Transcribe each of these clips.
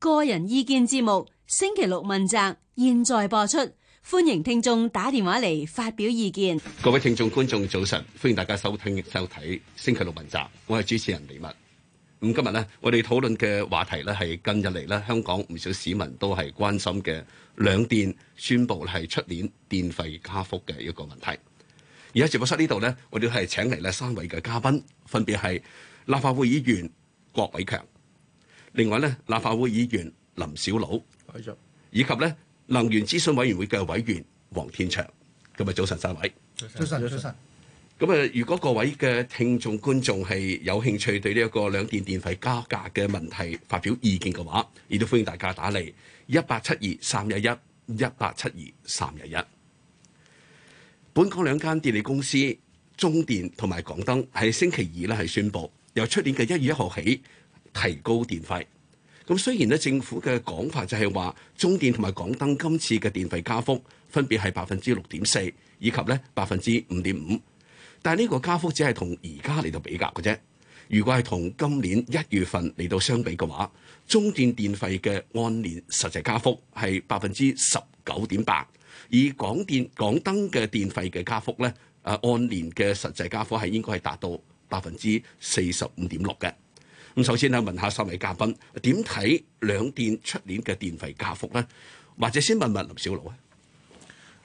個人意見節目星期六問責，現在播出，歡迎聽眾打電話嚟發表意見。各位聽眾觀眾早晨，歡迎大家收聽收睇星期六問責，我係主持人李文。咁今日我哋討論嘅話題呢係近日嚟香港唔少市民都係關心嘅兩電宣布係出年電費加幅嘅一個問題。而喺直播室呢度我哋都係請嚟咧三位嘅嘉賓，分別係立法會議員郭偉強。另外咧，立法會議員林筱魯，以及咧能源諮詢委員會嘅委員黃天祥，今日早晨三位。早晨，早晨。咁啊，如果各位嘅聽眾觀眾係有興趣對呢一個兩電電費加價嘅問題發表意見嘅話，亦都歡迎大家打嚟一八七二三一一一八七二三一一。本港兩間電力公司中電同埋港燈喺星期二咧係宣布，由出年嘅一月一號起，提高電費，咁雖然咧政府嘅講法就係話，中電同埋港燈今次嘅電費加幅分別係百分之六點四以及咧百分之五點五，但係呢個加幅只係同而家嚟到比較嘅啫。如果係同今年一月份嚟到相比嘅話，中電電費嘅按年實際加幅係百分之十九點八，而港電港燈嘅電費嘅加幅咧，誒按年嘅實際加幅係應該係達到百分之四十五點六嘅。咁首先咧，問下三位嘉賓點睇兩電出年嘅電費加幅咧？或者先問問林筱魯啊。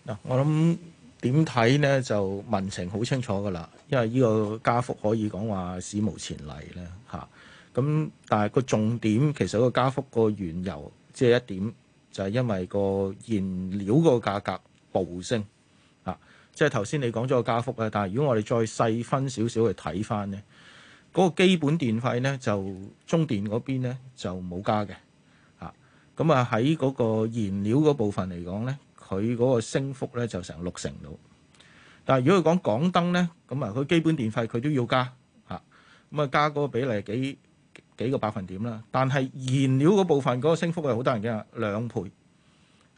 嗱，我諗點睇咧就民情好清楚噶啦，因為呢個加幅可以講話史無前例咧嚇。咁但係個重點其實個加幅個源由即係一點就係、是、因為個燃料個價格暴升啊。即係頭先你講咗個加幅啊，但係如果我哋再細分少少去睇翻咧。嗰個基本電費咧，就中電嗰邊咧就冇加嘅，嚇。咁啊喺嗰個燃料嗰部分嚟講咧，佢嗰個升幅咧就成六成度。但係如果佢講港燈咧，咁啊佢基本電費佢都要加，嚇。咁啊加嗰個比例係幾幾個百分點啦。但係燃料嗰部分嗰個升幅係好得人驚，兩倍。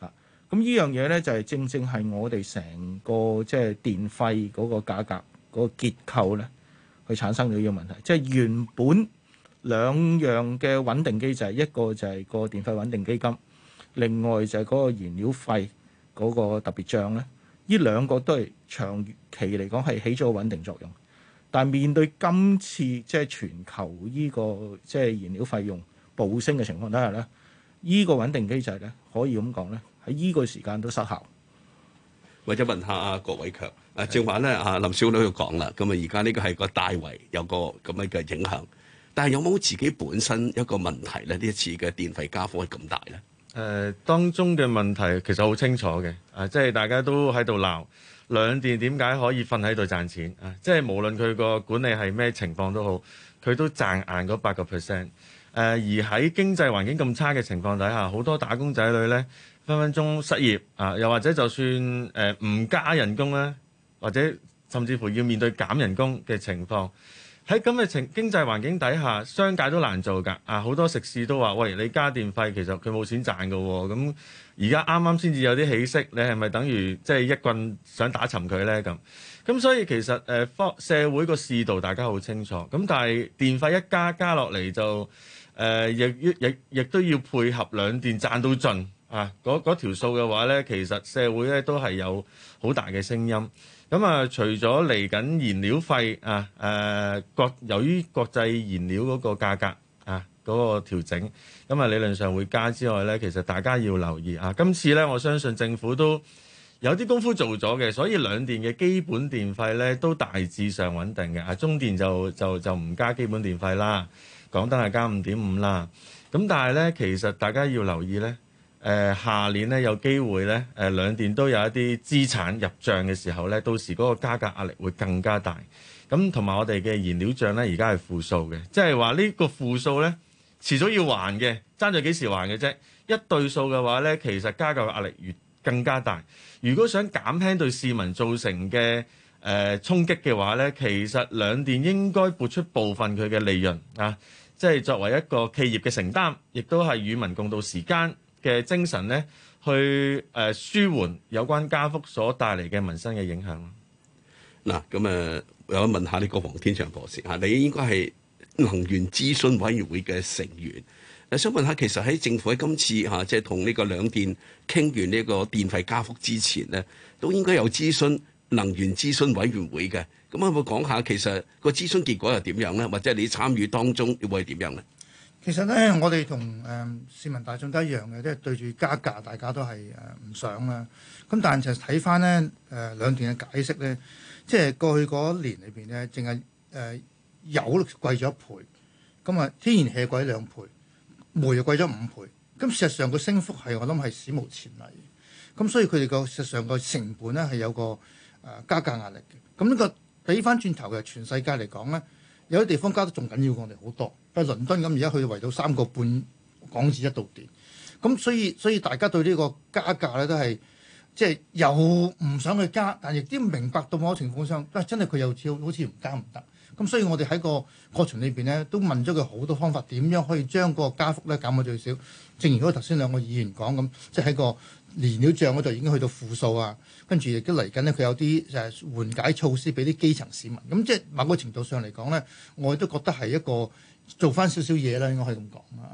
嚇！咁呢樣嘢咧就係正正係我哋成個即係電費嗰個價格嗰個結構咧。佢產生咗呢個問題，即係原本兩樣嘅穩定機制，一個就係個電費穩定基金，另外就係嗰個燃料費嗰個特別帳咧，呢兩個都係長期嚟講係起咗個穩定作用，但係面對今次即係全球呢個即係燃料費用暴升嘅情況底下咧，呢個穩定機制咧可以咁講咧喺呢個時間都失效。或者問下阿郭偉強啊，正話咧啊，林筱魯佢講啦，咁啊而家呢個係個大圍有個咁樣嘅影響，但係有冇自己本身一個問題咧？呢一次嘅電費加幅咁大咧？誒、呃，當中嘅問題其實好清楚嘅，誒、啊，即係大家都喺度鬧兩電點解可以瞓喺度賺錢啊？即係無論佢個管理係咩情況都好，佢都賺硬嗰八個 percent。誒，而喺經濟環境咁差嘅情況底下，好多打工仔女咧。分分鐘失業啊！又或者就算誒唔、呃、加人工咧，或者甚至乎要面對減人工嘅情況，喺咁嘅情經濟環境底下，商界都難做㗎啊！好多食肆都話：喂，你加電費，其實佢冇錢賺㗎喎。咁而家啱啱先至有啲起色，你係咪等於即係、就是、一棍想打沉佢咧？咁咁所以其實誒方、啊、社會個市道大家好清楚咁，但係電費一加加落嚟就誒、呃、亦亦亦都要配合兩電賺到盡。啊！嗰條數嘅話咧，其實社會咧都係有好大嘅聲音。咁啊，除咗嚟緊燃料費啊，誒、啊、國、由於國際燃料嗰個價格啊嗰、嗰個調整，咁啊理論上會加之外咧，其實大家要留意啊。今次咧，我相信政府都有啲功夫做咗嘅，所以兩電嘅基本電費咧都大致上穩定嘅。啊，中電就就就唔加基本電費啦，港燈係加五點五啦。咁但係咧，其實大家要留意咧。誒、呃、下年咧有機會咧，誒兩電都有一啲資產入帳嘅時候咧，到時嗰個加價壓力會更加大。咁同埋我哋嘅燃料帳咧，而家係負數嘅，即係話呢個負數咧，遲早要還嘅，爭咗幾時還嘅啫？一對數嘅話咧，其實加價壓力越更加大。如果想減輕對市民造成嘅誒衝擊嘅話咧，其實兩電應該撥出部分佢嘅利潤啊，即係作為一個企業嘅承擔，亦都係與民共度時艱嘅精神咧，去誒舒緩有關加幅所帶嚟嘅民生嘅影響。嗱，咁誒我想問下呢個黃天祥博士嚇，你應該係能源諮詢委員會嘅成員。誒，想問下，其實喺政府喺今次嚇，即係同呢個兩電傾完呢個電費加幅之前咧，都應該有諮詢能源諮詢委員會嘅。咁可唔可以講下其實個諮詢結果又點樣咧？或者你參與當中會點樣咧？其實咧，我哋同誒市民大眾都一樣嘅，即係對住加價，大家都係誒唔想啦。咁但係就睇翻咧誒兩電嘅解釋咧，即係過去嗰一年裏邊咧，淨係誒油貴咗一倍，咁啊天然氣貴咗兩倍，煤又貴咗五倍。咁、嗯、事實上個升幅係我諗係史無前例嘅、嗯。咁所以佢哋個事實上個成本咧係有個誒、呃、加價壓力嘅。咁呢個睇翻轉頭嘅全世界嚟講咧。有啲地方加得仲緊要過我哋好多，喺倫敦咁而家佢圍到三個半港紙一度電，咁所以所以大家對呢個加價咧都係即係又唔想去加，但亦都明白到某種情況上，啊真係佢又似好似唔加唔得，咁所以我哋喺個過程裏邊咧都問咗佢好多方法，點樣可以將個加幅咧減到最少？正如果頭先兩個議員講咁，即係喺個。年燃料帳嗰度已經去到負數啊，跟住亦都嚟緊咧，佢有啲誒緩解措施俾啲基層市民，咁即係某個程度上嚟講咧，我都覺得係一個做翻少少嘢啦，應該可以咁講啊。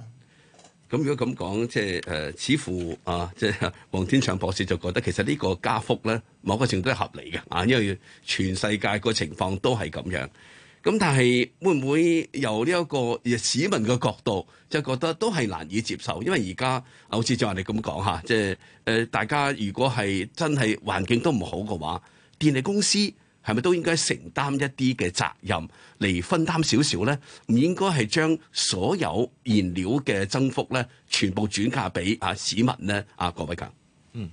咁如果咁講，即係誒，似乎啊，即係黃天祥博士就覺得其實呢個加幅咧，某個程度係合理嘅啊，因為全世界個情況都係咁樣。咁但係會唔會由呢一個市民嘅角度，即係覺得都係難以接受，因為而家好似就話你咁講下，即係誒大家如果係真係環境都唔好嘅話，電力公司係咪都應該承擔一啲嘅責任嚟分擔少少咧？唔應該係將所有燃料嘅增幅咧，全部轉嫁俾啊市民咧？啊郭偉強，嗯，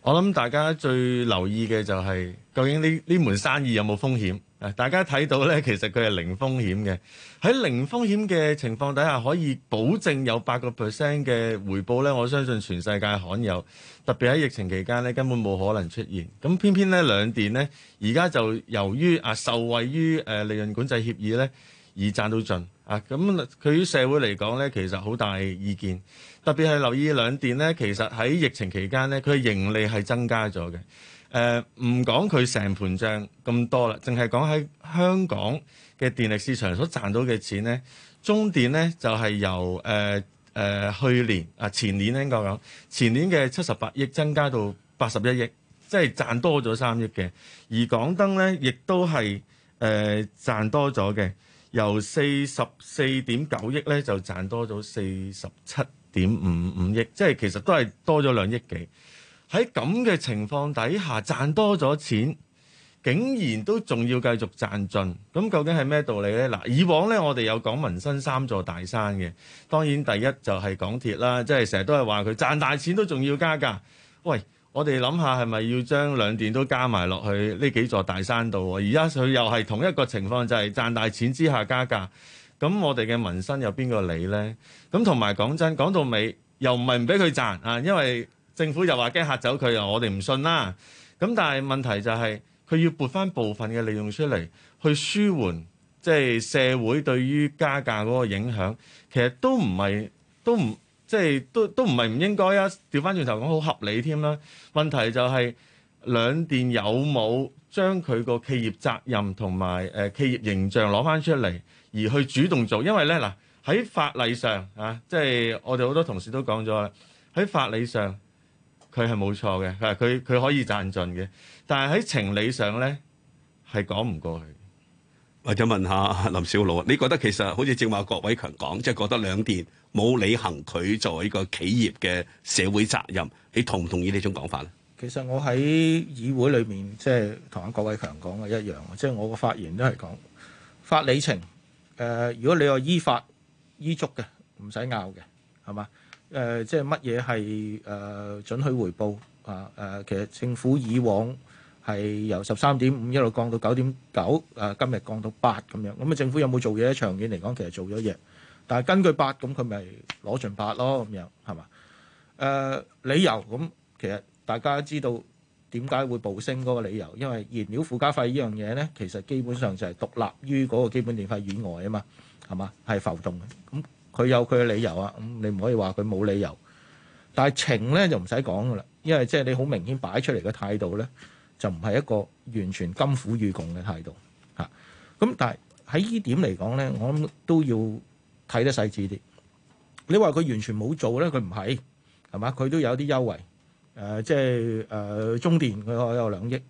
我諗大家最留意嘅就係、是、究竟呢呢門生意有冇風險？大家睇到咧，其實佢係零風險嘅。喺零風險嘅情況底下，可以保證有八個 percent 嘅回報咧。我相信全世界罕有，特別喺疫情期間咧，根本冇可能出現。咁偏偏呢兩電咧而家就由於啊受惠於利潤管制協議咧，而賺到盡啊。咁對於社會嚟講咧，其實好大意見。特別係留意兩電咧，其實喺疫情期間咧，佢嘅盈利係增加咗嘅。誒唔講佢成盤帳咁多啦，淨係講喺香港嘅電力市場所賺到嘅錢咧，中電咧就係、是、由誒、呃呃、去年啊、呃、前年應該講前年嘅七十八億增加到八十一億，即係賺多咗三億嘅。而港燈咧亦都係誒、呃、賺多咗嘅，由四十四點九億咧就賺多咗四十七點五五億，即係其實都係多咗兩億幾。喺咁嘅情況底下，賺多咗錢，竟然都仲要繼續賺盡，咁究竟係咩道理呢？嗱，以往呢，我哋有講民生三座大山嘅，當然第一就係港鐵啦，即係成日都係話佢賺大錢都仲要加價。喂，我哋諗下係咪要將兩電都加埋落去呢幾座大山度啊？而家佢又係同一個情況，就係賺大錢之下加價。咁我哋嘅民生有邊個理呢？咁同埋講真，講到尾又唔係唔俾佢賺啊，因為政府又話驚嚇走佢啊，我哋唔信啦。咁但係問題就係、是、佢要撥翻部分嘅利用出嚟去舒緩，即、就、係、是、社會對於加價嗰個影響，其實都唔係都唔即係都都唔係唔應該啊。調翻轉頭講好合理添啦。問題就係、是、兩電有冇將佢個企業責任同埋誒企業形象攞翻出嚟而去主動做？因為咧嗱喺法例上啊，即、就、係、是、我哋好多同事都講咗啦，喺法例上。佢係冇錯嘅，佢佢可以賺盡嘅，但係喺情理上咧係講唔過去的。或者問下林筱魯，你覺得其實好似正話郭偉強講，即係覺得兩電冇履行佢作為一個企業嘅社會責任，你同唔同意呢種講法咧？其實我喺議會裏面，即係同阿郭偉強講嘅一樣，即係我個發言都係講法理情。誒，如果你話依法依足嘅，唔使拗嘅，係嘛？誒、呃，即係乜嘢係誒準許回報啊？誒、呃，其實政府以往係由十三點五一路降到九點九，誒今日降到八咁樣。咁、嗯、啊、嗯，政府有冇做嘢？長遠嚟講，其實做咗嘢。但係根據八、嗯，咁佢咪攞盡八咯咁樣，係嘛？誒、呃，理由咁、嗯，其實大家知道點解會暴升嗰個理由，因為燃料附加費這樣東西呢樣嘢咧，其實基本上就係獨立於嗰個基本電費以外啊嘛，係嘛？係浮動嘅咁。嗯佢有佢嘅理由啊，咁你唔可以話佢冇理由。但係情咧就唔使講噶啦，因為即係你好明顯擺出嚟嘅態度咧，就唔係一個完全甘苦與共嘅態度嚇。咁但係喺依點嚟講咧，我諗都要睇得細緻啲。你話佢完全冇做咧，佢唔係，係嘛？佢都有啲優惠。誒、呃、即係誒、呃、中電佢可有兩億，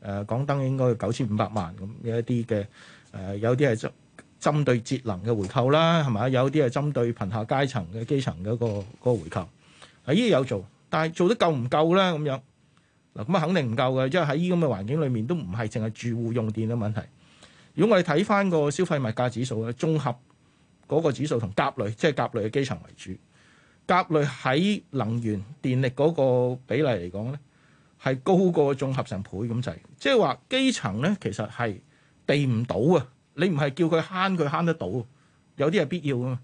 呃、港燈應該要九千五百萬咁，有一啲嘅誒，有啲係針對節能嘅回扣啦，係咪？有啲係針對貧下階層嘅基層嘅個個回扣，依啲有做，但係做得夠唔夠咧？咁樣嗱，咁啊肯定唔夠嘅，因為喺依咁嘅環境裏面都唔係淨係住戶用電嘅問題。如果我哋睇翻個消費物價指數嘅綜合嗰個指數同甲類，即係甲類嘅基層為主，甲類喺能源電力嗰個比例嚟講咧，係高過綜合成倍咁滯。即係話基層咧，其實係避唔到啊！你唔係叫佢慳，佢慳得到，有啲係必要噶嘛。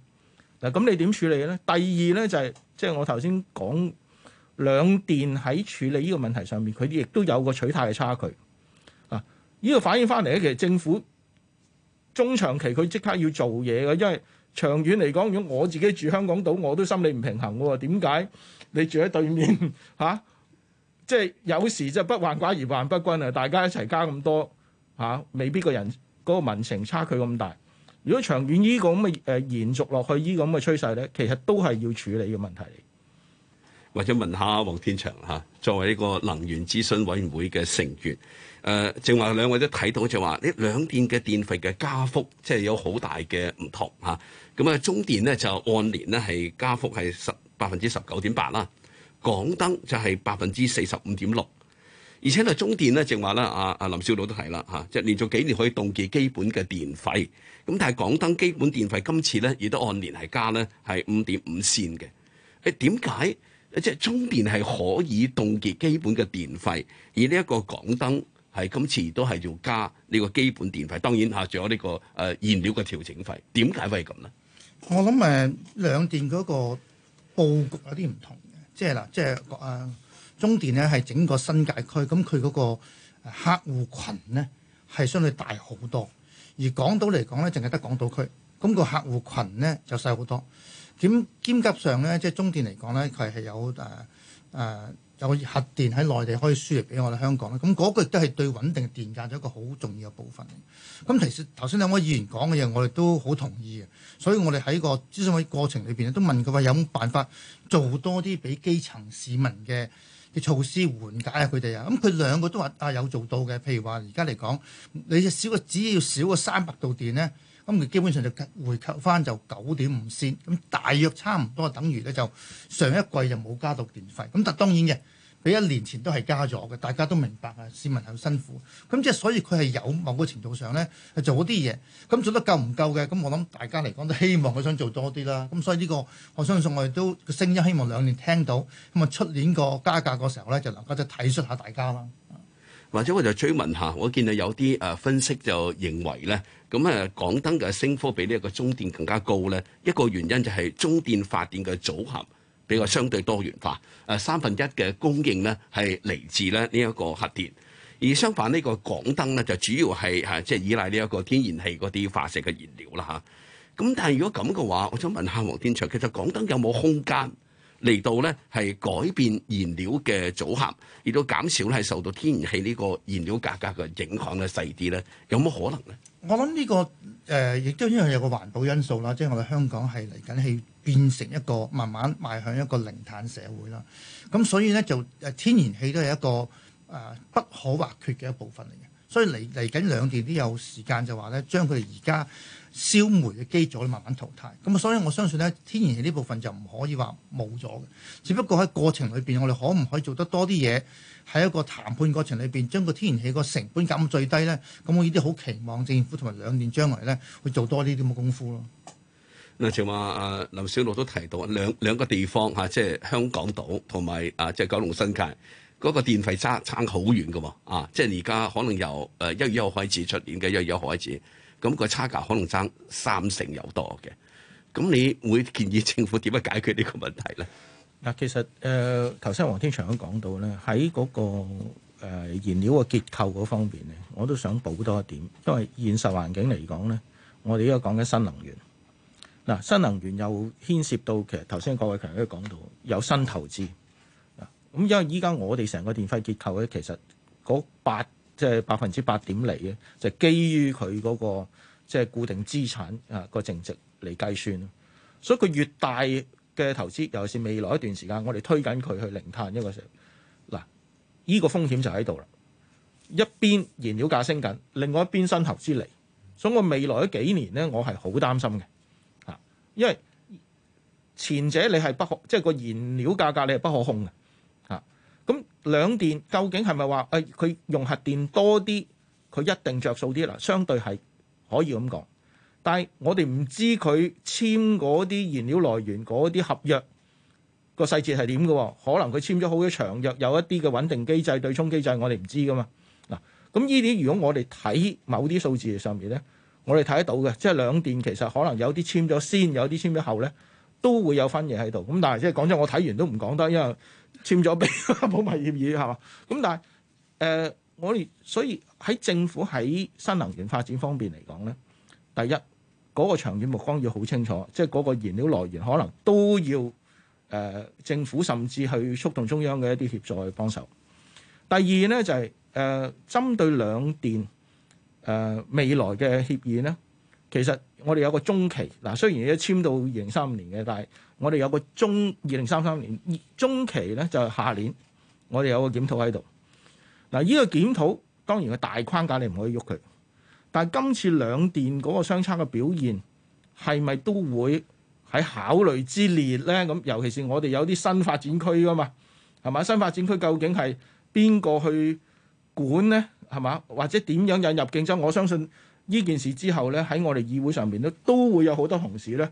嗱，咁你點處理嘅咧？第二咧就係即係我頭先講兩電喺處理呢個問題上面，佢哋亦都有個取態嘅差距。嗱、啊，呢、呢個反映翻嚟咧，其實政府中長期佢即刻要做嘢嘅，因為長遠嚟講，如果我自己住香港島，我都心理唔平衡喎。點解你住喺對面嚇？即、啊、係、即係、有時就不患寡而患不均啊！大家一齊加咁多嚇、啊，未必個人。嗰個民情差距咁大，如果長遠呢個咁嘅誒延續落去呢，咁嘅趨勢咧，其實都係要處理嘅問題的。或者問下黃天祥嚇，作為呢個能源諮詢委員會嘅成員，誒正話兩位都睇到就話，呢兩電嘅電費嘅加幅，即係有好大嘅唔同嚇。咁啊，中電咧就按年咧係加幅係十百分之十九點八啦，港燈就係百分之四十五點六。而且咧，中電咧，正話咧，阿阿林筱魯都係啦嚇，即係連續幾年可以凍結基本嘅電費。咁但係港燈基本電費今次咧，亦都按年係加咧，係五點五線嘅。誒點解？即係中電係可以凍結基本嘅電費，而呢一個港燈係今次都係要加呢個基本電費。當然嚇，仲有呢個誒燃料嘅調整費。點解會係咁咧？我諗誒，兩電嗰個佈局有啲唔同嘅，即係嗱，即係誒。啊中電咧係整個新界區，咁佢嗰個客戶群咧係相對大好多，而港島嚟講咧，淨係得港島區，咁個客戶群咧就細好多。咁兼夾上咧，即係中電嚟講咧，佢係有誒誒。啊啊有核電喺內地可以輸入俾我哋香港咧，咁、那、嗰個亦都係對穩定電價嘅一個好重要嘅部分。咁其實頭先兩位議員講嘅嘢，我哋都好同意。所以我哋喺、這個諮詢委過程裏邊咧，都問佢話有冇辦法做多啲俾基層市民嘅嘅措施緩解啊佢哋啊。咁佢兩個都話啊有做到嘅，譬如話而家嚟講，你少個只要少個三百度電咧。咁佢基本上就回扣返就九點五仙，咁大約差唔多等於咧就上一季就冇加到電費，咁但當然嘅，比一年前都係加咗嘅，大家都明白啊，市民係好辛苦，咁即係所以佢係有某個程度上咧係做咗啲嘢，咁做得夠唔夠嘅，咁我諗大家嚟講都希望佢想做多啲啦，咁所以呢個我相信我哋都聲音希望兩年聽到，咁啊出年個加價個時候咧就能夠就體恤下大家啦。或者我就追問下，我見到有啲誒分析就認為咧，咁誒港燈嘅升幅比呢一個中電更加高咧。一個原因就係中電發電嘅組合比較相對多元化，誒三分一嘅供應咧係嚟自咧呢一個核電，而相反呢個港燈咧就主要係嚇即係依賴呢一個天然氣嗰啲化石嘅燃料啦嚇。咁但係如果咁嘅話，我想問下黃天祥，其實港燈有冇空間？嚟到咧係改變燃料嘅組合，亦都減少係受到天然氣呢個燃料價格嘅影響咧細啲咧，有冇可能咧？我諗呢個誒，亦都因為有個環保因素啦，即係我哋香港係嚟緊係變成一個慢慢邁向一個零碳社會啦，咁所以咧就誒天然氣都係一個誒不可或缺嘅一部分嚟嘅。所以嚟嚟緊兩年都有時間就話咧，將佢哋而家燒煤嘅基礎慢慢淘汰。咁啊，所以我相信咧，天然氣呢部分就唔可以話冇咗嘅。只不過喺過程裏邊，我哋可唔可以做得多啲嘢？喺一個談判過程裏邊，將個天然氣個成本減到最低咧。咁我依啲好期望政府同埋兩電將來咧，去做多啲咁嘅功夫咯。嗱，正如話啊，林筱魯都提到兩兩個地方吓，即係香港島同埋啊，即係九龍新界。嗰個電費差差好遠㗎喎，啊、呃，即係而家可能由誒、呃、一月一號開始出年嘅一月一號開始，咁個差價可能爭三成又多嘅，咁你會建議政府點樣解決呢個問題咧？嗱，其實誒頭先黃天祥都講到咧，喺嗰、那個、呃、燃料嘅結構嗰方面咧，我都想補多一點，因為現實環境嚟講咧，我哋而家講緊新能源，嗱、啊，新能源又牽涉到其實頭先郭偉強都講到有新投資。咁因為依家我哋成個電費結構咧，其實嗰八即係百分之八點嚟嘅，就是、基於佢嗰、那個即係、就是、固定資產啊個淨值嚟計算咯。所以佢越大嘅投資，尤其是未來一段時間，我哋推緊佢去零碳一個時候，嗱依、這個風險就喺度啦。一邊燃料價升緊，另外一邊新投資嚟，所以我未來嗰幾年咧，我係好擔心嘅嚇，因為前者你係不可即係、就是、個燃料價格你係不可控嘅。咁兩電究竟係咪話誒佢用核電多啲，佢一定着數啲啦？相對係可以咁講，但係我哋唔知佢簽嗰啲燃料來源嗰啲合約個細節係點嘅喎？可能佢簽咗好嘅長約，有一啲嘅穩定機制、對沖機制，我哋唔知噶嘛？嗱，咁呢啲如果我哋睇某啲數字上面咧，我哋睇得到嘅，即係兩電其實可能有啲簽咗先，有啲簽咗後咧。都會有分嘢喺度，咁但係即係講真，我睇完都唔講得，因為簽咗俾保密協議係嘛，咁但係誒，我、呃、哋所以喺政府喺新能源發展方面嚟講咧，第一嗰、那個長遠目光要好清楚，即係嗰個燃料來源可能都要誒、呃、政府甚至去觸動中央嘅一啲協助去幫手。第二咧就係、是、誒、呃、針對兩電誒、呃、未來嘅協議咧，其實。我哋有個中期，嗱雖然已經簽到二零三五年嘅，但係我哋有個中二零三三年中期咧，就係下年我哋有個檢討喺度。嗱、這個，依個檢討當然個大框架你唔可以喐佢，但係今次兩電嗰個相差嘅表現係咪都會喺考慮之列咧？咁尤其是我哋有啲新發展區噶嘛，係嘛？新發展區究竟係邊個去管咧？係嘛？或者點樣引入競爭？我相信。呢件事之後呢，喺我哋議會上面呢，都會有好多同事呢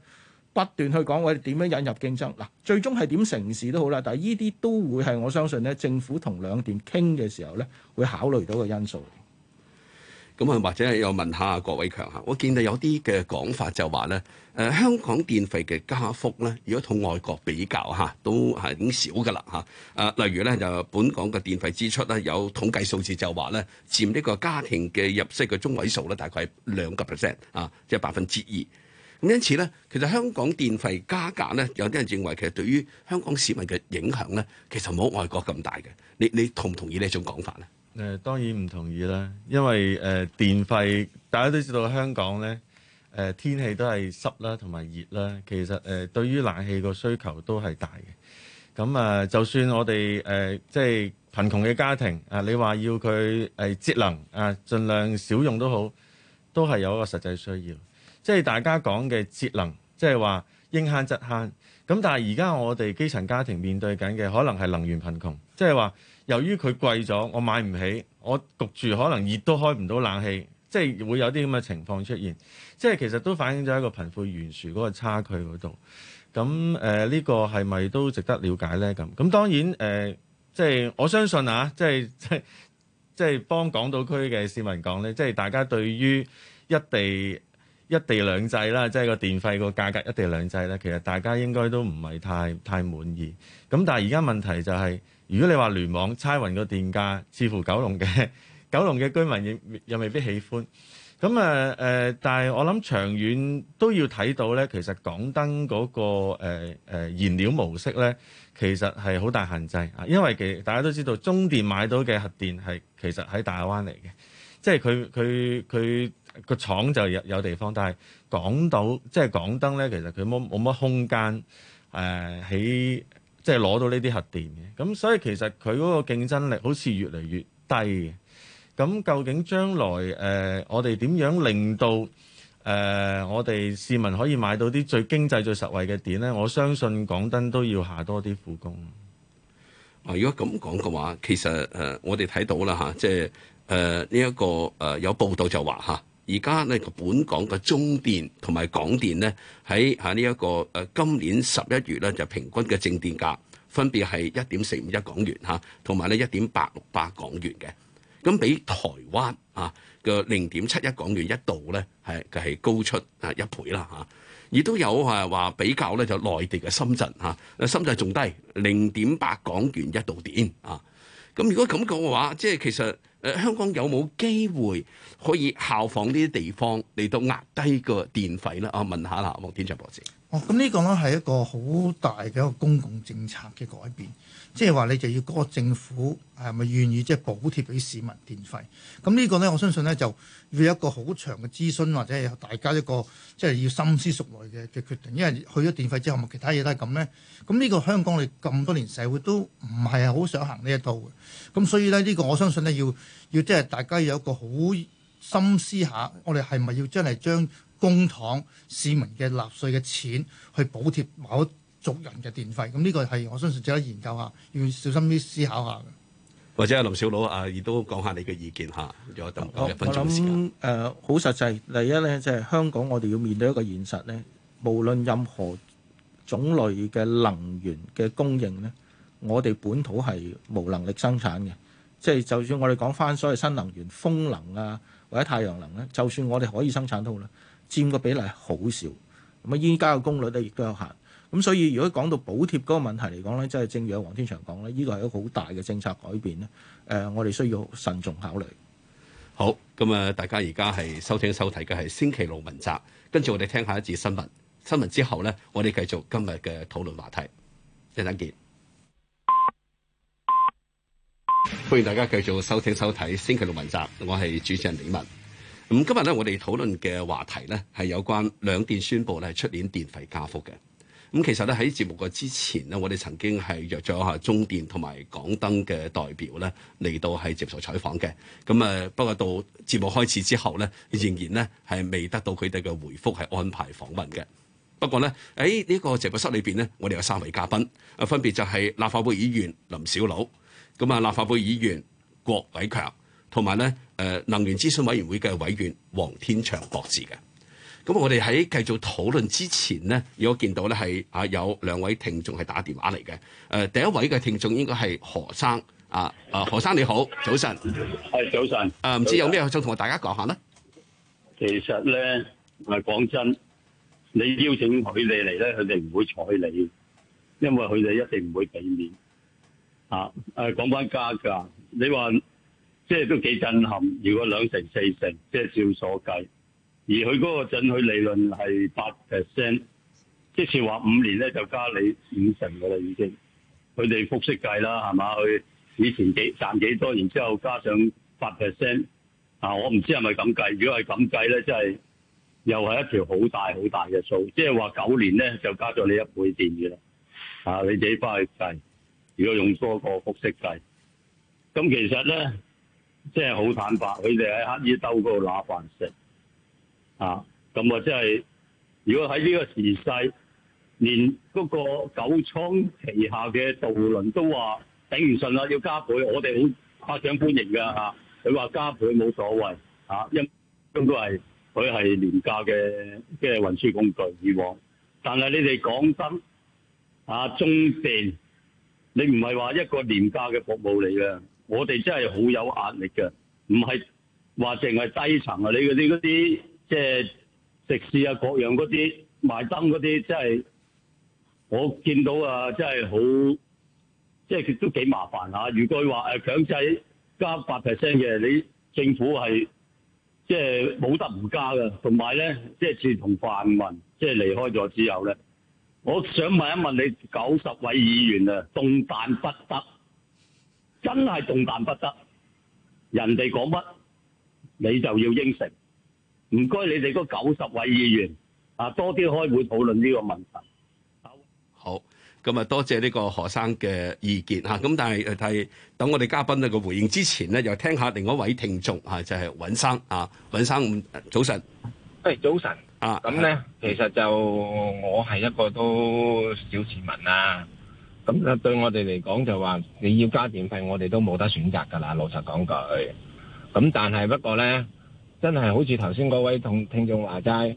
不斷去講，我哋點樣引入競爭。嗱，最終係點成事都好啦，但係呢啲都會係我相信，呢政府同兩電傾嘅時候呢，會考慮到嘅因素。咁啊，或者又問下郭偉強嚇，我見到有啲嘅講法就話咧，誒香港電費嘅加幅咧，如果同外國比較嚇，都係已經少噶啦嚇。啊，例如咧就本港嘅電費支出咧，有統計數字就話咧，佔呢個家庭嘅入息嘅中位數咧，大概係兩個 percent 啊，即係百分之二。咁因此咧，其實香港電費加價咧，有啲人認為其實對於香港市民嘅影響咧，其實冇外國咁大嘅。你你同唔同意呢種講法咧？誒、呃、當然唔同意啦，因為誒、呃、電費，大家都知道香港呢，誒、呃、天氣都係濕啦同埋熱啦，其實誒、呃、對於冷氣個需求都係大嘅。咁啊、呃，就算我哋誒、呃、即係貧窮嘅家庭啊、呃，你話要佢誒節能啊，儘、呃、量少用都好，都係有一個實際需要。即係大家講嘅節能，即係話應慳則慳。咁但係而家我哋基層家庭面對緊嘅，可能係能源貧窮，即係話。由於佢貴咗，我買唔起，我焗住可能熱都開唔到冷氣，即係會有啲咁嘅情況出現，即係其實都反映咗一個貧富懸殊嗰個差距嗰度。咁誒呢個係咪都值得了解呢？咁咁當然誒，呃，即係我相信啊，即係即係即幫港島區嘅市民講呢，即係大家對於一地一地兩制啦，即係個電費個價格一地兩制咧，其實大家應該都唔係太太滿意。咁但係而家問題就係，是。如果你話聯網差運個電價，似乎九龍嘅九龍嘅居民亦又未必喜歡。咁啊誒，但係我諗長遠都要睇到咧，其實港燈嗰、那個誒、呃呃、燃料模式咧，其實係好大限制啊。因為其大家都知道，中電買到嘅核電係其實喺大亞灣嚟嘅，即係佢佢佢個廠就有有地方，但係港島即係港燈咧，其實佢冇冇乜空間誒喺。呃即係攞到呢啲核電嘅，咁所以其實佢嗰個競爭力好似越嚟越低嘅。咁究竟將來誒、呃，我哋點樣令到誒、呃、我哋市民可以買到啲最經濟最實惠嘅電咧？我相信港燈都要多下多啲苦功。啊，如果咁講嘅話，其實誒、呃、我哋睇到啦嚇、啊，即係誒呢一個誒、呃、有報道就話嚇。啊而家呢個本港嘅中電同埋港電呢，喺嚇呢一個誒今年十一月咧就平均嘅正電價分別係一點四五一港元嚇，同埋呢一點八六八港元嘅。咁比台灣啊個零點七一港元一度呢，係就係高出啊一倍啦嚇，亦都有誒話比較咧就內地嘅深圳嚇，深圳仲低零點八港元一度電啊。咁如果咁講嘅話，即係其實。誒香港有冇機會可以效仿呢啲地方嚟到壓低個電費咧？我問下啦，黃天祥博士。哦，咁呢個咧係一個好大嘅一個公共政策嘅改變。即係話你就要嗰個政府係咪願意即係補貼俾市民電費？咁呢個咧，我相信咧就要有一個好長嘅諮詢，或者係大家一個即係、就是、要深思熟慮嘅嘅決定。因為去咗電費之後，咪其他嘢都係咁咧。咁呢個香港你咁多年社會都唔係好想行呢一度嘅。咁所以咧，呢、這個我相信咧要要即係大家要有一個好深思一下，我哋係咪要真係將公帑、市民嘅納稅嘅錢去補貼某族人嘅電費，咁呢個係，我相信值得研究下，要小心啲思考下嘅。或者阿林筱魯啊，亦都講下你嘅意見嚇，仲有得講一分鐘時間。好啦，咁誒好實際。第一咧，就係、是、香港，我哋要面對一個現實咧，無論任何種類嘅能源嘅供應咧，我哋本土係無能力生產嘅。即、就、係、是、就算我哋講翻所謂新能源風能啊，或者太陽能咧，就算我哋可以生產都好啦，佔個比例好少。咁啊，依家嘅功率咧亦都有限。咁所以如果講到補貼嗰個問題嚟講咧，即係正如黃天祥講咧，呢個係一個好大嘅政策改變咧。誒，我哋需要慎重考慮。好，咁啊，大家而家係收聽收睇嘅係星期六文集，跟住我哋聽下一節新聞。新聞之後咧，我哋繼續今日嘅討論話題。一陣見，歡迎大家繼續收聽收睇星期六文集，我係主持人李文。咁今日咧，我哋討論嘅話題咧，係有關兩電宣布咧出年電費加幅嘅。咁其實咧，喺節目嘅之前咧，我哋曾經係約咗下中電同埋港燈嘅代表咧嚟到，係接受採訪嘅。咁啊不過到節目開始之後咧，仍然咧係未得到佢哋嘅回覆係安排訪問嘅。不過咧，誒呢個直播室裏邊咧，我哋有三位嘉賓啊，分別就係立法會議員林筱魯，咁啊立法會議員郭偉強同埋咧誒能源諮詢委員會嘅委員黃天祥博士嘅。咁我哋喺繼續討論之前咧，如果見到咧係啊有兩位聽眾係打電話嚟嘅。誒第一位嘅聽眾應該係何生啊！啊，何生你好，早晨。係早晨。誒、啊、唔知有咩想同我大家講下咧？其實咧，誒講真，你邀請佢哋嚟咧，佢哋唔會睬你，因為佢哋一定唔會俾面。啊誒，講、啊、返加價，你話即係都幾震撼。如果兩成四成，即、就、係、是、照所計。而佢嗰個準許利潤係八 percent，即係話五年咧就加你五成嘅啦，已經。佢哋複息計啦，係嘛？佢以前幾賺幾多，然之後加上八 percent，啊，我唔知係咪咁計。如果係咁計咧，真係又係一條好大好大嘅數，即係話九年咧就加咗你一倍電嘅啦。啊，你自己翻去計，如果用多個複息計，咁其實咧即係好坦白，佢哋喺乞兒兜嗰度拿飯食。啊，咁我即係如果喺呢個時勢，連嗰個九倉旗下嘅渡輪都話頂唔順啦，要加倍，我哋好誇掌歡迎噶吓。佢、啊、話加倍冇所謂，吓、啊、因都係佢係廉價嘅嘅運輸工具。以往，但係你哋講真，啊中電，你唔係話一個廉價嘅服務嚟嘅。我哋真係好有壓力嘅，唔係話淨係低層啊，你嗰啲嗰啲。即係食肆啊，各樣嗰啲賣燈嗰啲，即係我見到啊，真係好，即係佢都幾麻煩吓、啊。如果話誒強制加八 percent 嘅，你政府係即係冇得唔加噶。同埋咧，即係自從泛民即係離開咗之後咧，我想問一問你，九十位議員啊，動彈不得，真係動彈不得。人哋講乜，你就要應承。唔該，你哋嗰九十位議員啊，多啲開會討論呢個問題。好，咁啊，多謝呢個何生嘅意見嚇。咁但係誒，係等我哋嘉賓呢個回應之前咧，又聽下另外一位聽眾嚇、啊，就係、是、尹生啊，尹生早晨。係、hey, 早晨啊，咁咧，其實就我係一個都小市民啊。咁啊，對我哋嚟講就話，你要加電費，我哋都冇得選擇噶啦。老實講句，咁但係不過咧。真係好似頭先嗰位同聽眾話齋，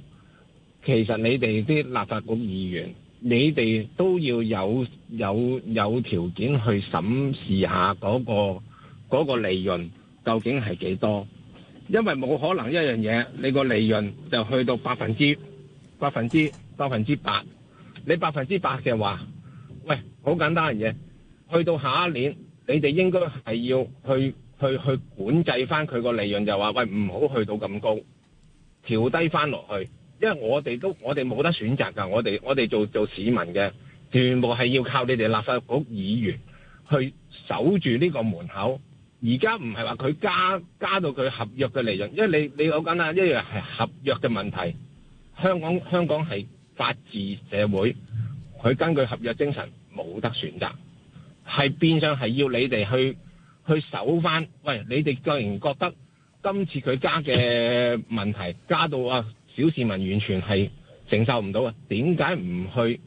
其實你哋啲立法局議員，你哋都要有有有條件去審視下嗰個嗰個利潤究竟係幾多，因為冇可能一樣嘢你個利潤就去到百分之百分之百分之百，你百分之百嘅話，喂，好簡單嘅嘢，去到下一年，你哋應該係要去。去去管制翻佢個利潤就話喂唔好去到咁高，調低翻落去，因為我哋都我哋冇得選擇㗎，我哋我哋做做市民嘅，全部係要靠你哋立法局議員去守住呢個門口。而家唔係話佢加加到佢合約嘅利潤，因為你你講緊啦一樣係合約嘅問題。香港香港係法治社會，佢根據合約精神冇得選擇，係變相係要你哋去。去搜翻，喂！你哋固然覺得今次佢加嘅問題加到啊，小市民完全係承受唔到啊，點解唔去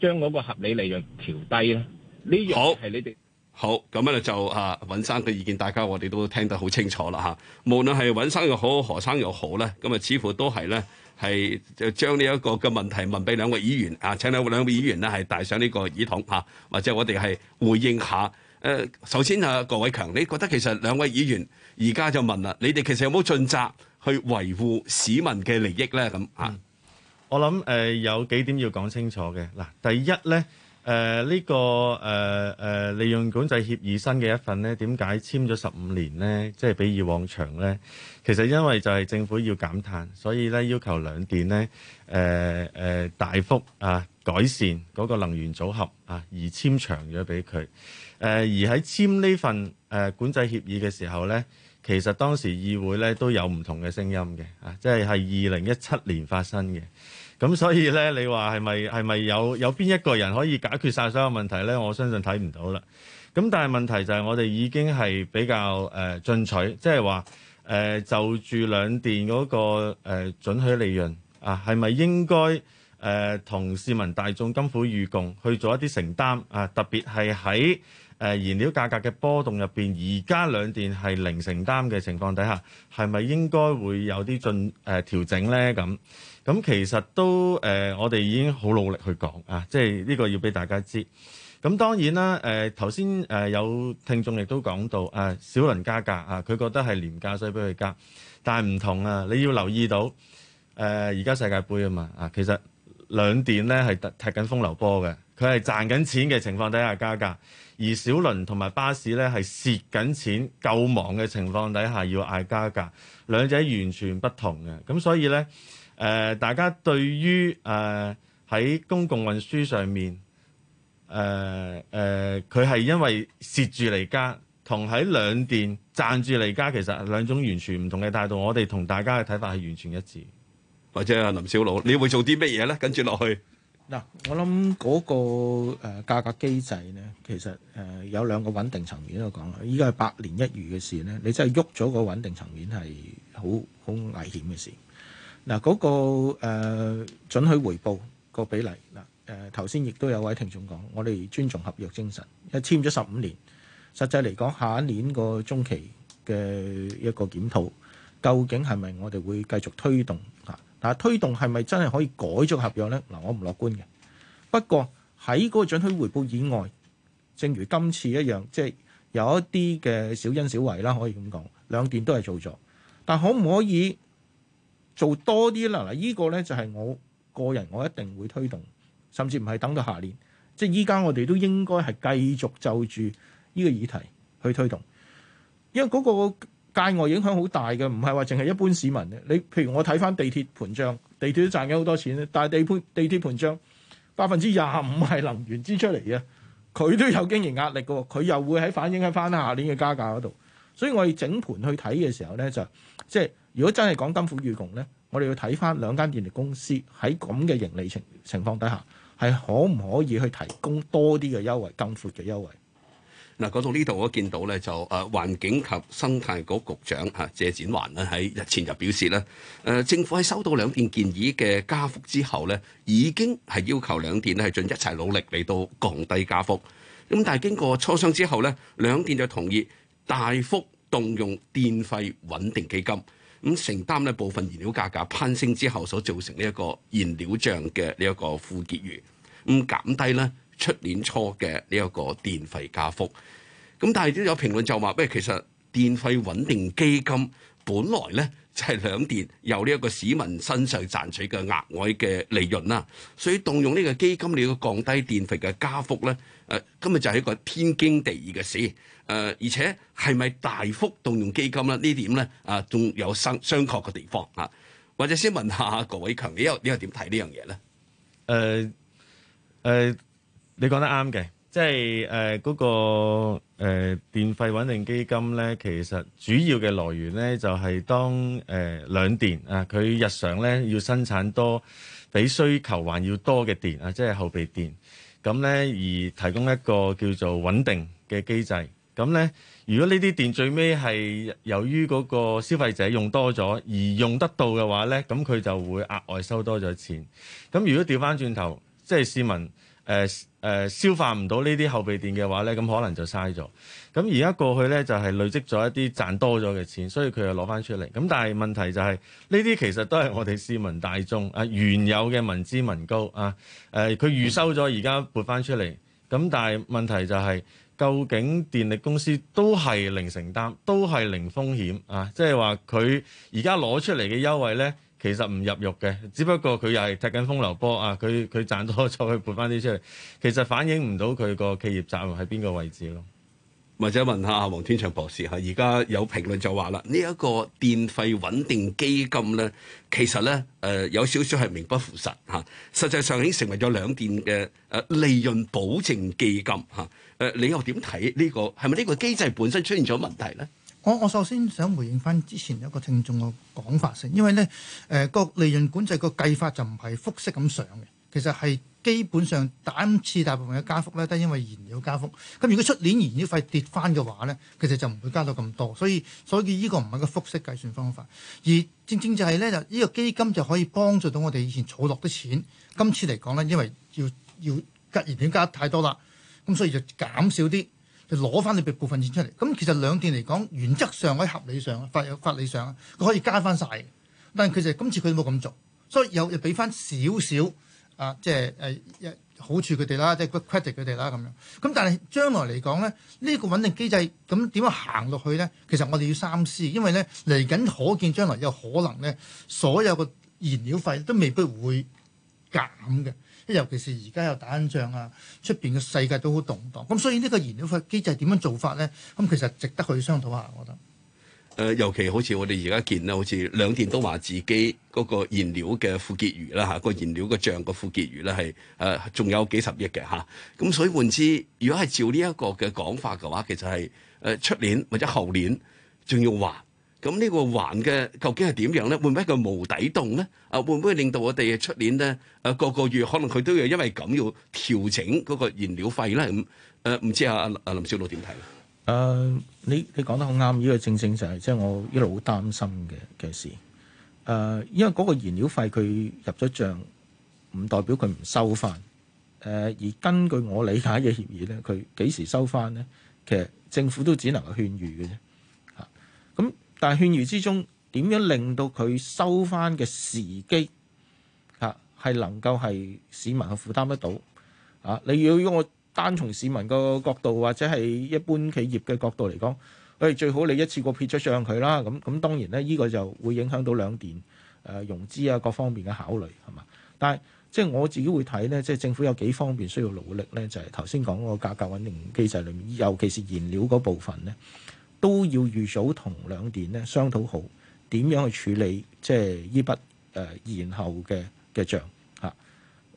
將嗰個合理利潤調低咧？呢樣係你哋好咁呢就啊，尹生嘅意見，大家我哋都聽得好清楚啦吓，無論係尹生又好，何生又好咧，咁啊似乎都係咧係就將呢一個嘅問題問俾兩位議員啊，請兩兩位議員咧係戴上呢個耳筒吓，或者我哋係回應下。誒，首先啊，郭偉強，你覺得其實兩位議員而家就問啦，你哋其實有冇盡責去維護市民嘅利益咧？咁、嗯、啊，我諗誒、呃、有幾點要講清楚嘅嗱。第一咧，誒、呃、呢、這個誒誒、呃呃、利用管制協議新嘅一份咧，點解簽咗十五年咧？即係比以往長咧，其實因為就係政府要減碳，所以咧要求兩電咧誒誒大幅啊改善嗰個能源組合啊，而簽長咗俾佢。誒、呃、而喺簽呢份誒、呃、管制協議嘅時候咧，其實當時議會咧都有唔同嘅聲音嘅，啊，即係係二零一七年發生嘅，咁、啊、所以咧你話係咪係咪有有邊一個人可以解決曬所有的問題咧？我相信睇唔到啦。咁、啊、但係問題就係我哋已經係比較誒、呃、進取，即係話誒就住兩電嗰、那個誒、呃、准許利潤啊，係咪應該？誒、呃、同市民大眾甘苦與共去做一啲承擔啊！特別係喺誒燃料價格嘅波動入邊。而家兩電係零承擔嘅情況底下，係咪應該會有啲進誒調整咧？咁咁其實都誒、呃，我哋已經好努力去講啊！即係呢個要俾大家知。咁、啊、當然啦，誒頭先誒有聽眾亦都講到啊，小輪加價啊，佢覺得係廉價，所以俾佢加。但係唔同啊，你要留意到誒，而、啊、家世界盃啊嘛啊，其實兩電咧係踢緊風流波嘅，佢係賺緊錢嘅情況底下加價，而小輪同埋巴士咧係蝕緊錢，夠忙嘅情況底下要嗌加價，兩者完全不同嘅。咁所以呢，誒、呃、大家對於誒喺、呃、公共運輸上面，誒誒佢係因為蝕住嚟加，同喺兩電賺住嚟加，其實兩種完全唔同嘅態度。我哋同大家嘅睇法係完全一致。或者林筱魯，你會做啲咩嘢咧？跟住落去嗱，我諗嗰個誒價格機制咧，其實誒有兩個穩定層面喺度講。依家係百年一遇嘅事咧，你真係喐咗個穩定層面係好好危險嘅事。嗱，嗰個誒準許回報個比例嗱，誒頭先亦都有位聽眾講，我哋尊重合約精神，一簽咗十五年，實際嚟講下一年個中期嘅一個檢討，究竟係咪我哋會繼續推動啊？但係，推動係咪真係可以改咗合約咧？嗱，我唔樂觀嘅。不過喺嗰個準許回報以外，正如今次一樣，即係有一啲嘅小恩小惠啦，可以咁講。兩段都係做咗。但可唔可以做多啲咧？嗱，依個咧就係我個人，我一定會推動，甚至唔係等到下年，即係依家我哋都應該係繼續就住呢個議題去推動，因為嗰個界外影響好大嘅，唔係話淨係一般市民嘅。你譬如我睇翻地鐵盤漲，地鐵都賺緊好多錢咧。但係地盤地鐵盤漲百分之廿五係能源支出嚟嘅，佢都有經營壓力嘅喎。佢又會喺反映喺翻下年嘅加價嗰度。所以我哋整盤去睇嘅時候咧，就即係如果真係講甘苦與共咧，我哋要睇翻兩間電力公司喺咁嘅盈利情情況底下，係可唔可以去提供多啲嘅優惠，更闊嘅優惠？嗱，講到呢度，我見到咧就誒環境及生態局局長嚇謝展環咧喺日前就表示咧，誒政府喺收到兩電建議嘅加幅之後咧，已經係要求兩電咧係盡一切努力嚟到降低加幅。咁但係經過磋商之後咧，兩電就同意大幅動用電費穩定基金，咁承擔呢部分燃料價格攀升之後所造成呢一個燃料帳嘅呢一個負結餘，咁減低咧。出年初嘅呢一個電費加幅，咁但係都有評論就話咩，其實電費穩定基金本來咧就係兩電由呢一個市民身上賺取嘅額外嘅利潤啦，所以動用呢個基金你要降低電費嘅加幅咧，誒，今日就係一個天經地義嘅事，誒，而且係咪大幅動用基金咧？點呢點咧啊，仲有商榷嘅地方啊，或者先問下郭偉強，你又你又點睇呢樣嘢咧？誒、呃、誒。呃你講得啱嘅，即係誒嗰個誒、呃、電費穩定基金咧，其實主要嘅來源咧就係、是、當誒、呃、兩電啊，佢日常咧要生產多比需求還要多嘅電啊，即係後備電咁咧，而提供一個叫做穩定嘅機制。咁咧，如果呢啲電最尾係由於嗰個消費者用多咗而用得到嘅話咧，咁佢就會額外收多咗錢。咁如果掉返轉頭，即係市民，誒消化唔到呢啲後備電嘅話咧，咁可能就嘥咗。咁而家過去咧就係累積咗一啲賺多咗嘅錢，所以佢又攞翻出嚟。咁但係問題就係呢啲其實都係我哋市民大眾啊，原有嘅民脂民膏。啊。佢預收咗，而家撥翻出嚟。咁但係問題就係、是、究竟電力公司都係零承擔，都係零風險啊。即係話佢而家攞出嚟嘅優惠咧。其實唔入獄嘅，只不過佢又係踢緊風流波啊！佢佢賺多咗，去撥翻啲出嚟，其實反映唔到佢個企業責任喺邊個位置咯。或者問下黃天祥博士嚇，而家有評論就話啦，呢一個電費穩定基金咧，其實咧誒有少少係名不符實嚇，實際上已經成為咗兩電嘅誒利潤保證基金嚇。誒你又點睇呢個？係咪呢個機制本身出現咗問題咧？我我首先想回應翻之前一個聽眾嘅講法先，因為咧誒個利潤管制個計法就唔係複式咁上嘅，其實係基本上單次大部分嘅加幅咧都係因為燃料加幅，咁如果出年燃料費跌翻嘅話咧，其實就唔會加到咁多，所以所以呢個唔係個複式計算方法，而正正就係咧就呢個基金就可以幫助到我哋以前儲落啲錢，今次嚟講咧，因為要要加燃料加太多啦，咁所以就減少啲。就攞翻你部部分錢出嚟，咁其實兩電嚟講，原則上喺合理上、法法理上，佢可以加翻晒。但係其實今次佢冇咁做，所以有又俾翻少少啊，即係誒一好處佢哋啦，即係 credit 佢哋啦咁樣。咁但係將來嚟講咧，呢個穩定機制咁點樣行落去咧？其實我哋要三思，因為咧嚟緊可見將來有可能咧，所有嘅燃料費都未必會減嘅。尤其是而家又打緊仗啊，出邊嘅世界都好動盪。咁所以呢個燃料費機制點樣做法咧？咁其實值得去商討下，我覺得。誒、呃，尤其好似我哋而家見咧，好似兩電都話自己嗰個燃料嘅負結餘啦嚇，啊那個燃料嘅帳個負結餘咧係誒仲有幾十億嘅嚇。咁、啊、所以換之，如果係照呢一個嘅講法嘅話，其實係誒出年或者後年仲要話。咁呢個環嘅究竟係點樣咧？會唔會一個無底洞咧？啊，會唔會令到我哋出年咧？誒、啊，個個月可能佢都要因為咁要調整嗰個燃料費咧？咁誒，唔知啊，阿、啊、林筱魯點睇咧？誒，你你講得好啱，呢、這個正正就係即係我一路好擔心嘅嘅事。誒、呃，因為嗰個燃料費佢入咗帳，唔代表佢唔收翻。誒、呃，而根據我理解嘅協議咧，佢幾時收翻咧？其實政府都只能夠勸喻嘅啫。但係勸喻之中，點樣令到佢收翻嘅時機係能夠係市民去負擔得到啊？你要用我單從市民個角度或者係一般企業嘅角度嚟講，誒最好你一次過撇咗上帳佢啦。咁咁當然咧，呢個就會影響到兩電融資啊各方面嘅考慮係嘛？但係即係我自己會睇咧，即係政府有幾方面需要努力咧，就係頭先講個價格穩定機制裏面，尤其是燃料嗰部分咧。都要預早同兩電咧商討好點樣去處理即係呢筆誒延後嘅嘅帳嚇。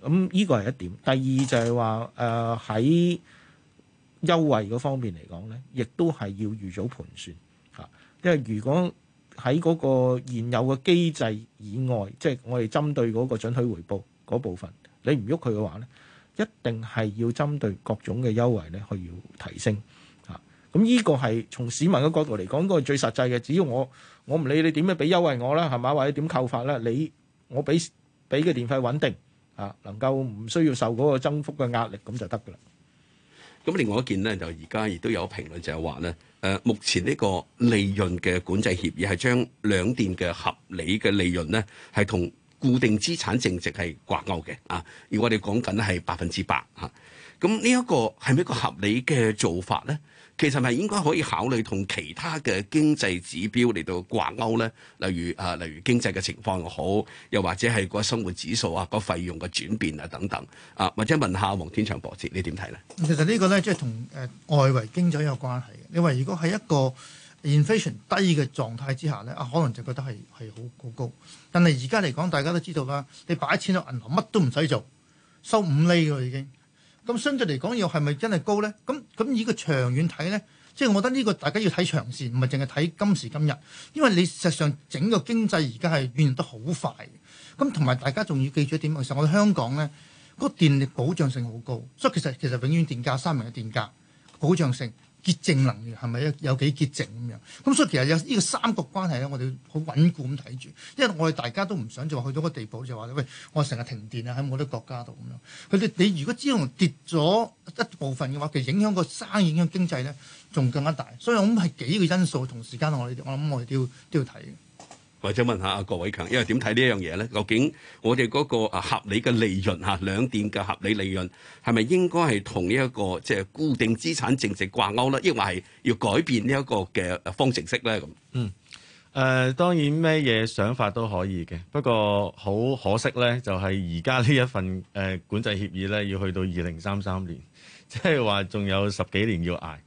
咁呢個係一點。第二就係話誒喺優惠嗰方面嚟講咧，亦都係要預早盤算嚇、啊。因為如果喺嗰個現有嘅機制以外，即係我哋針對嗰個準許回報嗰部分，你唔喐佢嘅話咧，一定係要針對各種嘅優惠咧去要提升。咁、這、呢個係從市民嘅角度嚟講，呢、這個係最實際嘅。只要我我唔理你點樣俾優惠我啦，係嘛，或者點扣法啦，你我俾俾嘅電費穩定啊，能夠唔需要受嗰個增幅嘅壓力，咁就得噶啦。咁另外一件呢，就而家亦都有評論就係話咧，誒，目前呢個利潤嘅管制協議係將兩電嘅合理嘅利潤呢，係同固定資產淨值係掛鈎嘅啊。而我哋講緊係百分之八，吓，咁呢一個係咪一個合理嘅做法咧？其實係應該可以考慮同其他嘅經濟指標嚟到掛鈎咧，例如啊，例如經濟嘅情況又好，又或者係個生活指數啊，個費用嘅轉變啊等等啊，或者問下黃天祥博士，你點睇咧？其實這個呢個咧，即係同誒外圍經濟有關係嘅。你話如果喺一個 inflation 低嘅狀態之下咧，啊，可能就覺得係係好高。但係而家嚟講，大家都知道啦，你擺錢喺銀行乜都唔使做，收五厘嘅已經。咁相對嚟講，又係咪真係高呢？咁咁以個長遠睇呢，即係我覺得呢個大家要睇長線，唔係淨係睇今時今日。因為你實際上整個經濟而家係變得好快。咁同埋大家仲要記住一點，其實我哋香港呢個電力保障性好高，所以其實其實永遠電價三明嘅電價保障性。潔淨能源係咪有有幾潔淨咁樣？咁所以其實有呢個三角關係咧，我哋好穩固咁睇住，因為我哋大家都唔想就去到個地步就話喂，我成日停電啊，喺冇得國家度咁樣。佢哋，你如果隻龍跌咗一部分嘅話，其實影響個生意、影響經濟咧，仲更加大。所以我諗係幾個因素同時間我，我我諗我哋都要都要睇或者問下阿郭偉強，因為點睇呢樣嘢咧？究竟我哋嗰個合理嘅利潤嚇兩電嘅合理利潤，係咪應該係同呢一個即係、就是、固定資產淨值掛鈎咧？抑或係要改變呢一個嘅方程式咧？咁嗯誒、呃，當然咩嘢想法都可以嘅。不過好可惜咧，就係而家呢一份誒、呃、管制協議咧，要去到二零三三年，即係話仲有十幾年要捱。誒、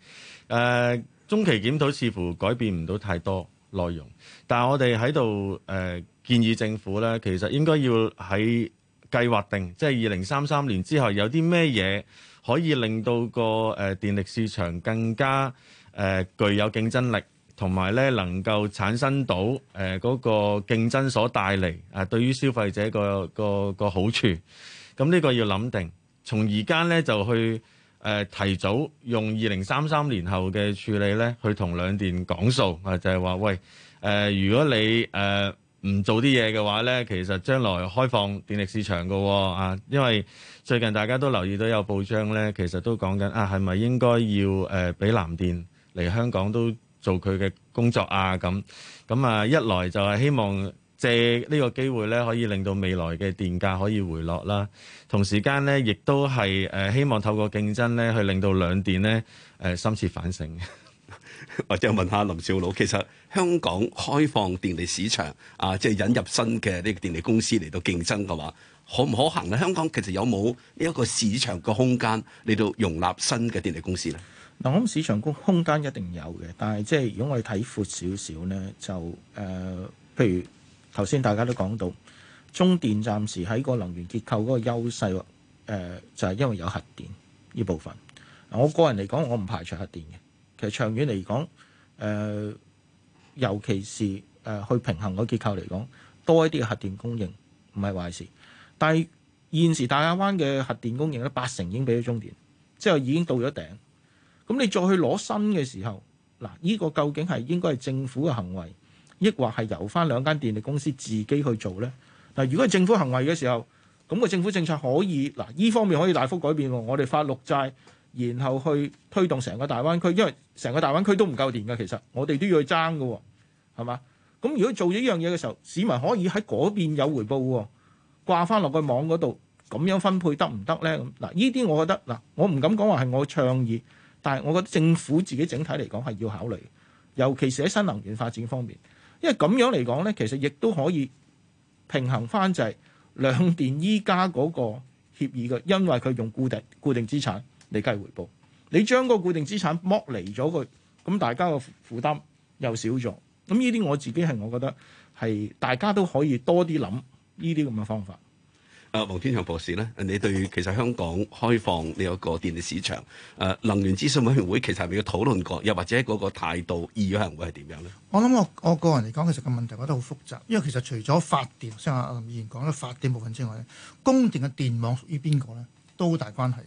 呃、中期檢討似乎改變唔到太多。內容，但係我哋喺度誒建議政府呢，其實應該要喺計劃定，即係二零三三年之後有啲咩嘢可以令到個誒電力市場更加誒具、呃、有競爭力，同埋呢能夠產生到誒嗰、呃那個競爭所帶嚟啊，對於消費者個個個好處，咁呢個要諗定，從而家呢，就去。誒提早用二零三三年後嘅處理咧，去同兩電講數啊，就係、是、話喂誒、呃，如果你誒唔、呃、做啲嘢嘅話咧，其實將來開放電力市場嘅啊，因為最近大家都留意到有報章咧，其實都講緊啊，係咪應該要誒俾、呃、南電嚟香港都做佢嘅工作啊？咁咁啊，一來就係希望。借呢個機會咧，可以令到未來嘅電價可以回落啦。同時間咧，亦都係誒希望透過競爭咧，去令到兩電咧誒深切反省。 或者問下林筱魯，其實香港開放電力市場啊，即係引入新嘅呢電力公司嚟到競爭嘅話，可唔可行咧？香港其實有冇呢一個市場嘅空間嚟到容納新嘅電力公司咧？嗱，咁市場空空間一定有嘅，但係即係如果我哋睇闊少少咧，就誒、呃、譬如。頭先大家都講到，中電暫時喺個能源結構嗰個優勢，誒就係、是、因為有核電呢部分。我個人嚟講，我唔排除核電嘅。其實長遠嚟講，誒、呃、尤其是誒、呃、去平衡個結構嚟講，多一啲嘅核電供應唔係壞事。但係現時大亞灣嘅核電供應咧，八成已經俾咗中電，之後已經到咗頂。咁你再去攞新嘅時候，嗱、這、呢個究竟係應該係政府嘅行為？抑或係由翻兩間電力公司自己去做呢？嗱，如果係政府行為嘅時候，咁個政府政策可以嗱，呢方面可以大幅改變喎。我哋發綠債，然後去推動成個大灣區，因為成個大灣區都唔夠電嘅，其實我哋都要去爭㗎，係嘛？咁如果做咗呢樣嘢嘅時候，市民可以喺嗰邊有回報喎，掛翻落個網嗰度，咁樣分配得唔得呢？嗱，呢啲我覺得嗱，我唔敢講話係我倡議，但係我覺得政府自己整體嚟講係要考慮，尤其是喺新能源發展方面。因為咁樣嚟講咧，其實亦都可以平衡返，就係兩電依家嗰個協議嘅，因為佢用固定固定資產嚟計回報，你將個固定資產剝離咗佢，咁大家嘅負擔又少咗，咁呢啲我自己係我覺得係大家都可以多啲諗呢啲咁嘅方法。黃天祥博士咧，你對其實香港開放呢個電力市場，呃、能源諮詢委員會其實係咪有討論過，又或者嗰個態度意願會係點樣咧？我諗我我個人嚟講，其實個問題我覺得好複雜，因為其實除咗發電，先阿林議員講咧發電部分之外咧，供電嘅電網屬於邊個咧，都好大關係。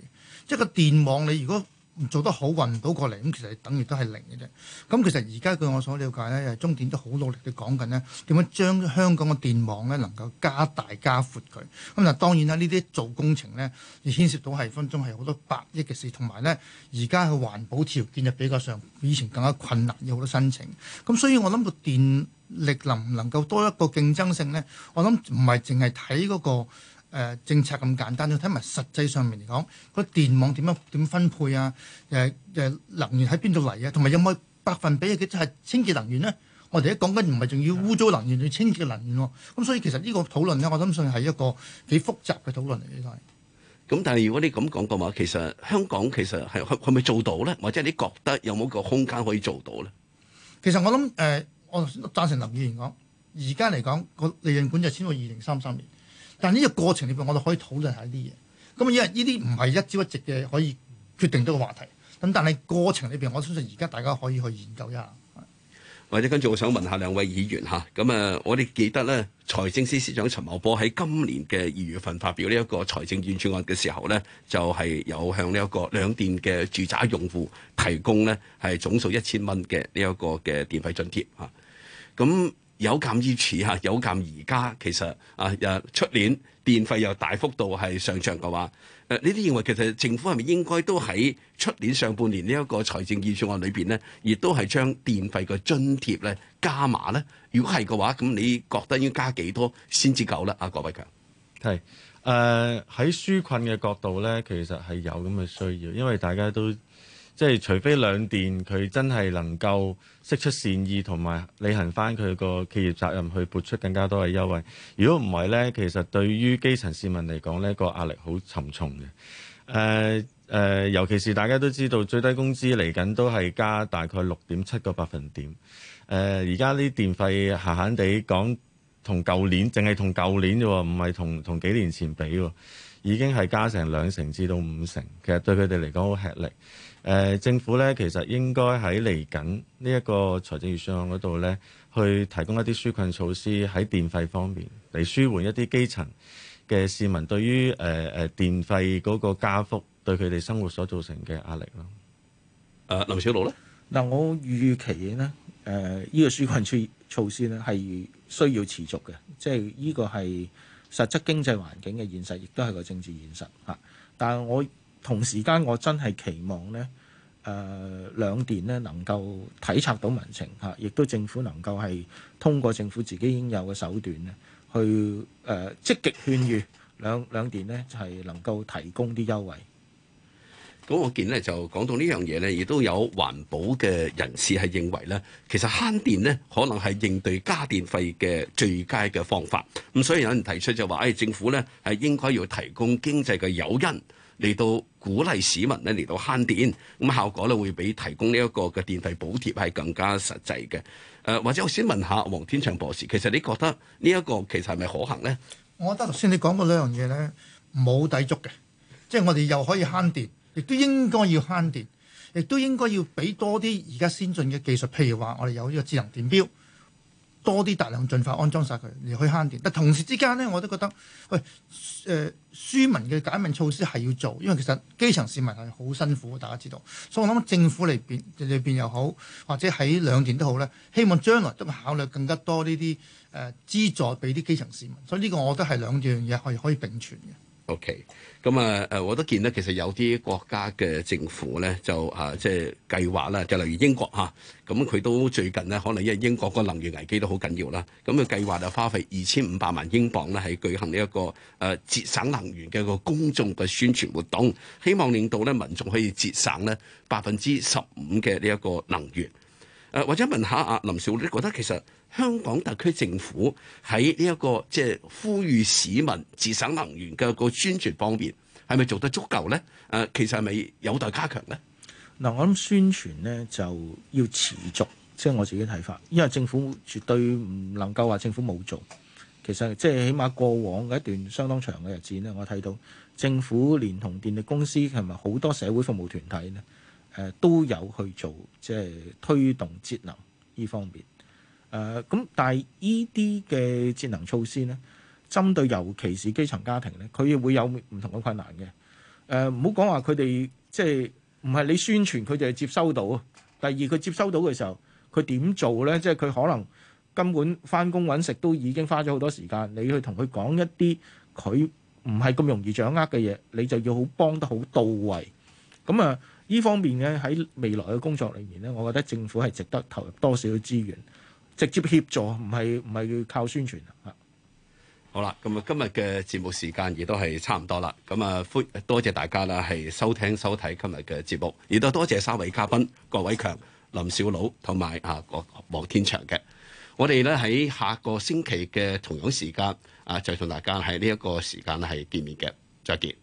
即係個電網你如果。做得好運唔到過嚟，咁其實等於都係零嘅啫。咁其實而家據我所了解咧，中電都好努力地講緊呢，點樣將香港嘅電網咧能夠加大加闊佢。咁嗱當然啦，呢啲做工程咧，而牽涉到係分鐘係好多百億嘅事，同埋咧，而家嘅環保條件就比較上以前更加困難，要好多申請。咁所以我諗個電力能唔能夠多一個競爭性咧，我諗唔係淨係睇嗰個。誒、呃、政策咁簡單，你睇埋實際上面嚟講，個電網點樣點分配啊？誒、呃、誒、呃，能源喺邊度嚟啊？同埋有冇百分比嘅即清潔能源咧？我哋一講緊唔係仲要污糟能源，要清潔能源喎、啊。咁所以其實呢個討論咧，我諗上係一個幾複雜嘅討論嚟嘅。咁、嗯、但係如果你咁講嘅話，其實香港其實係係咪做到咧？或者你覺得有冇個空間可以做到咧？其實我諗誒、呃，我贊成林議員講，而家嚟講個利潤管就係簽到二零三三年。但呢個過程裏邊，我哋可以討論下呢啲嘢。咁啊，因為呢啲唔係一朝一夕嘅可以決定到個話題。咁但係過程裏邊，我相信而家大家可以去研究一下。或者跟住，我想問下兩位議員嚇。咁啊，我哋記得咧，財政司司長陳茂波喺今年嘅二月份發表呢一個財政預算案嘅時候咧，就係、是、有向呢一個兩電嘅住宅用戶提供呢係總數一千蚊嘅呢一個嘅電費津貼嚇。咁有鑑於此吓，有鑑而家。其實啊，出年電費又大幅度係上漲嘅話，誒，你哋認為其實政府係咪應該都喺出年上半年呢一個財政預算案裏邊呢？亦都係將電費嘅津貼咧加碼咧？如果係嘅話，咁你覺得應該加幾多先至夠咧？阿郭偉強，係誒喺紓困嘅角度咧，其實係有咁嘅需要，因為大家都。即係，除非兩電佢真係能夠釋出善意，同埋履行翻佢個企業責任，去撥出更加多嘅優惠。如果唔係呢，其實對於基層市民嚟講，呢個壓力好沉重嘅。誒、呃、誒、呃，尤其是大家都知道最低工資嚟緊都係加大概六點七個百分點。誒、呃，而家啲電費閒閒地講，同舊年淨係同舊年啫喎，唔係同同幾年前比喎，已經係加成兩成至到五成。其實對佢哋嚟講，好吃力。誒、呃、政府咧，其實應該喺嚟緊呢一個財政預算案嗰度咧，去提供一啲紓困措施喺電費方面，嚟舒緩一啲基層嘅市民對於誒誒、呃、電費嗰個加幅對佢哋生活所造成嘅壓力咯。誒、啊，林筱魯咧，嗱、呃，我預期咧，誒、呃，依、這個紓困措措施咧係需要持續嘅，即係呢個係實質經濟環境嘅現實，亦都係個政治現實嚇、啊。但係我。同時間，我真係期望咧，誒、呃、兩電咧能夠體察到民情嚇，亦都政府能夠係通過政府自己應有嘅手段咧，去、呃、誒積極勸喻兩兩電呢就係能夠提供啲優惠。咁我見呢就講到呢樣嘢呢，亦都有環保嘅人士係認為呢其實慳電呢可能係應對加電費嘅最佳嘅方法。咁所以有人提出就話，誒、哎、政府呢係應該要提供經濟嘅誘因。嚟到鼓勵市民咧嚟到慳電，咁效果咧會比提供呢一個嘅電費補貼係更加實際嘅。誒、呃，或者我先問下黃天祥博士，其實你覺得呢一個其實係咪可行咧？我覺得頭先你講過兩樣嘢咧，冇抵觸嘅，即係我哋又可以慳電，亦都應該要慳電，亦都應該要俾多啲而家先進嘅技術，譬如話我哋有呢個智能電表。多啲大量盡快，安裝晒佢，而可以慳電。但同時之間呢，我都覺得喂，誒庶、呃、民嘅解民措施係要做，因為其實基層市民係好辛苦，大家知道。所以我諗政府嚟邊裏邊又好，或者喺兩電都好咧，希望將來都考慮更加多呢啲誒資助俾啲基層市民。所以呢個我覺得係兩樣嘢係可以並存嘅。O.K. 咁啊，誒，我都見咧，其實有啲國家嘅政府咧，就啊，即係計劃啦，就例如英國嚇，咁佢都最近咧，可能因為英國個能源危機都好緊要啦，咁佢計劃就花費二千五百萬英鎊咧，係舉行呢一個誒節省能源嘅個公眾嘅宣傳活動，希望令到咧民眾可以節省咧百分之十五嘅呢一個能源。誒，或者問下阿林少，你覺得其實？香港特區政府喺呢一個即係、就是、呼籲市民節省能源嘅個宣傳方面，係咪做得足夠咧？誒，其實係咪有待加強咧？嗱，我諗宣傳咧就要持續，即、就、係、是、我自己睇法，因為政府絕對唔能夠話政府冇做。其實即係、就是、起碼過往一段相當長嘅日子咧，我睇到政府連同電力公司同埋好多社會服務團體咧，誒都有去做即係、就是、推動節能呢方面。誒、呃、咁，但係呢啲嘅節能措施呢，針對尤其是基層家庭呢，佢會有唔同嘅困難嘅。誒唔好講話佢哋即係唔係你宣傳佢就係接收到啊。第二佢接收到嘅時候，佢點做呢？即係佢可能根本返工揾食都已經花咗好多時間。你去同佢講一啲佢唔係咁容易掌握嘅嘢，你就要好幫得好到位。咁、嗯、啊，呢、呃、方面呢，喺未來嘅工作裏面呢，我覺得政府係值得投入多少嘅資源。直接協助，唔係唔係要靠宣傳啊！好啦，咁啊今日嘅節目時間亦都係差唔多啦。咁啊，歡多謝大家啦，係收聽收睇今日嘅節目，亦都多謝三位嘉賓郭偉強、林筱魯同埋啊黃天祥嘅。我哋咧喺下個星期嘅同樣時間啊，就同大家喺呢一個時間係見面嘅。再見。